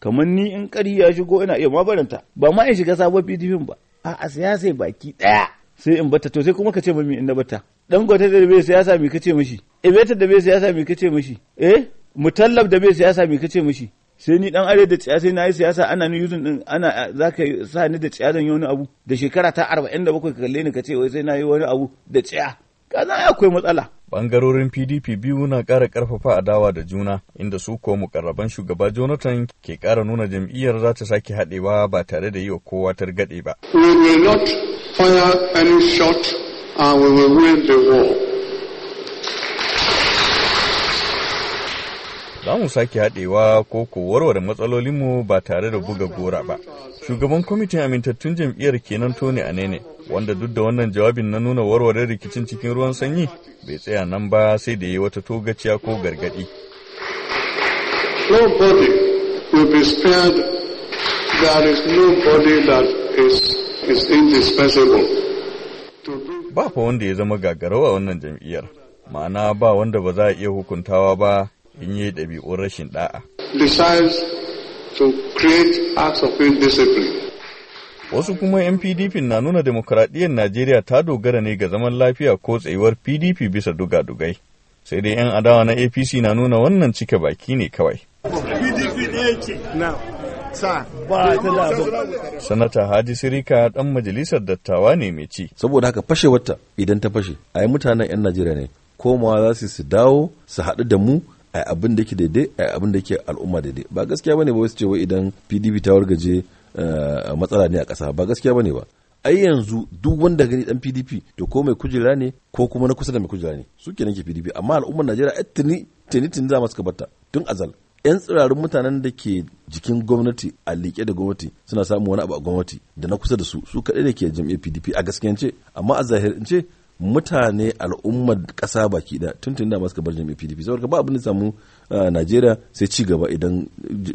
kamar ni in ƙari ya shigo ina iya ma baranta ba ma in shiga sabon PDP ba a'a siyasa baki ɗaya sai in bata to sai kuma ka ce mami in na bata dan gwata da bai siyasa me kace mishi ibeta da bai siyasa me kace mishi eh mutallab da bai siyasa me kace mishi sai ni dan are da tsiya sai na yi siyasa ana ni yuzun din ana zaka sa ni da tsiya zan yi wani abu da shekara ta 47 ka kalle ni ka ce wai sai na yi wani abu da tsiya kaza akwai matsala Bangarorin PDP biyu na ƙara ƙarfafa adawa da juna, inda su kuwa mukarraban shugaba Jonathan ke ƙara nuna jam'iyyar za ta sake haɗewa ba tare da yi wa kowa targaɗe ba. We will not fire any shot and uh, we will win the war. za mu sake haɗewa ko ko warware matsalolinmu ba tare da buga gora ba. Shugaban kwamitin amintattun jam'iyyar kenan Tony Anene wanda duk da wannan jawabin na nuna warware rikicin cikin ruwan sanyi bai tsaya nan ba sai da ya yi wata togaciya ko gargaɗi. Nobody will be spared. There indispensable. Ba fa wanda ya zama gagarawa wannan jam'iyyar, ma'ana ba wanda ba za a iya hukuntawa ba in yi ɗabi'un rashin ɗa'a. Decides to create acts of indiscipline. Wasu kuma 'yan PDP na nuna demokuraɗiyyar Najeriya ta dogara ne ga zaman lafiya ko tsayuwar PDP bisa duga-dugai. Sai dai 'yan adawa na APC na nuna wannan cike baki ne kawai. PDP Sanata Hadi Sirika Ɗan majalisar dattawa ne mai ci. Saboda haka fashe wata idan ta fashe, ai mutanen 'yan Najeriya ne, komawa za su su dawo su haɗu da mu a abin da ke daidai a abin da ke al'umma daidai ba gaskiya ba ne ba wasu cewa idan pdp ta wargaje Eh, matsala ne a ƙasa ba gaskiya ne ba ai yanzu duk wanda gani dan PDP to ko mai kujera ne ko kuma na kusa da mai kujera ne su kenan ke PDP amma al'ummar Najeriya ai tuni tuni tuni za masu kabarta tun azal yan tsirarun mutanen da ke jikin gwamnati a liƙe da gwamnati suna samun wani abu a gwamnati da na kusa da su su kaɗai da ke jam'iyyar PDP a gaskiyance amma a zahirance mutane al'ummar ƙasa baki da tuntun da masu bar jam'iyyar pdp saboda ba abin da samu najeriya sai ci gaba idan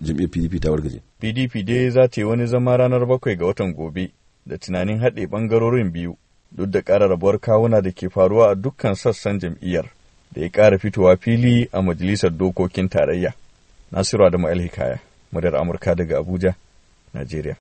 jam'iyyar pdp ta wargaje pdp dai za ta yi wani zama ranar bakwai ga watan gobe da tunanin haɗe bangarorin biyu duk da ƙara rabuwar kawuna da ke faruwa a dukkan sassan jam'iyyar da ya ƙara fitowa fili a majalisar dokokin tarayya nasiru adamu alhikaya muryar amurka daga abuja najeriya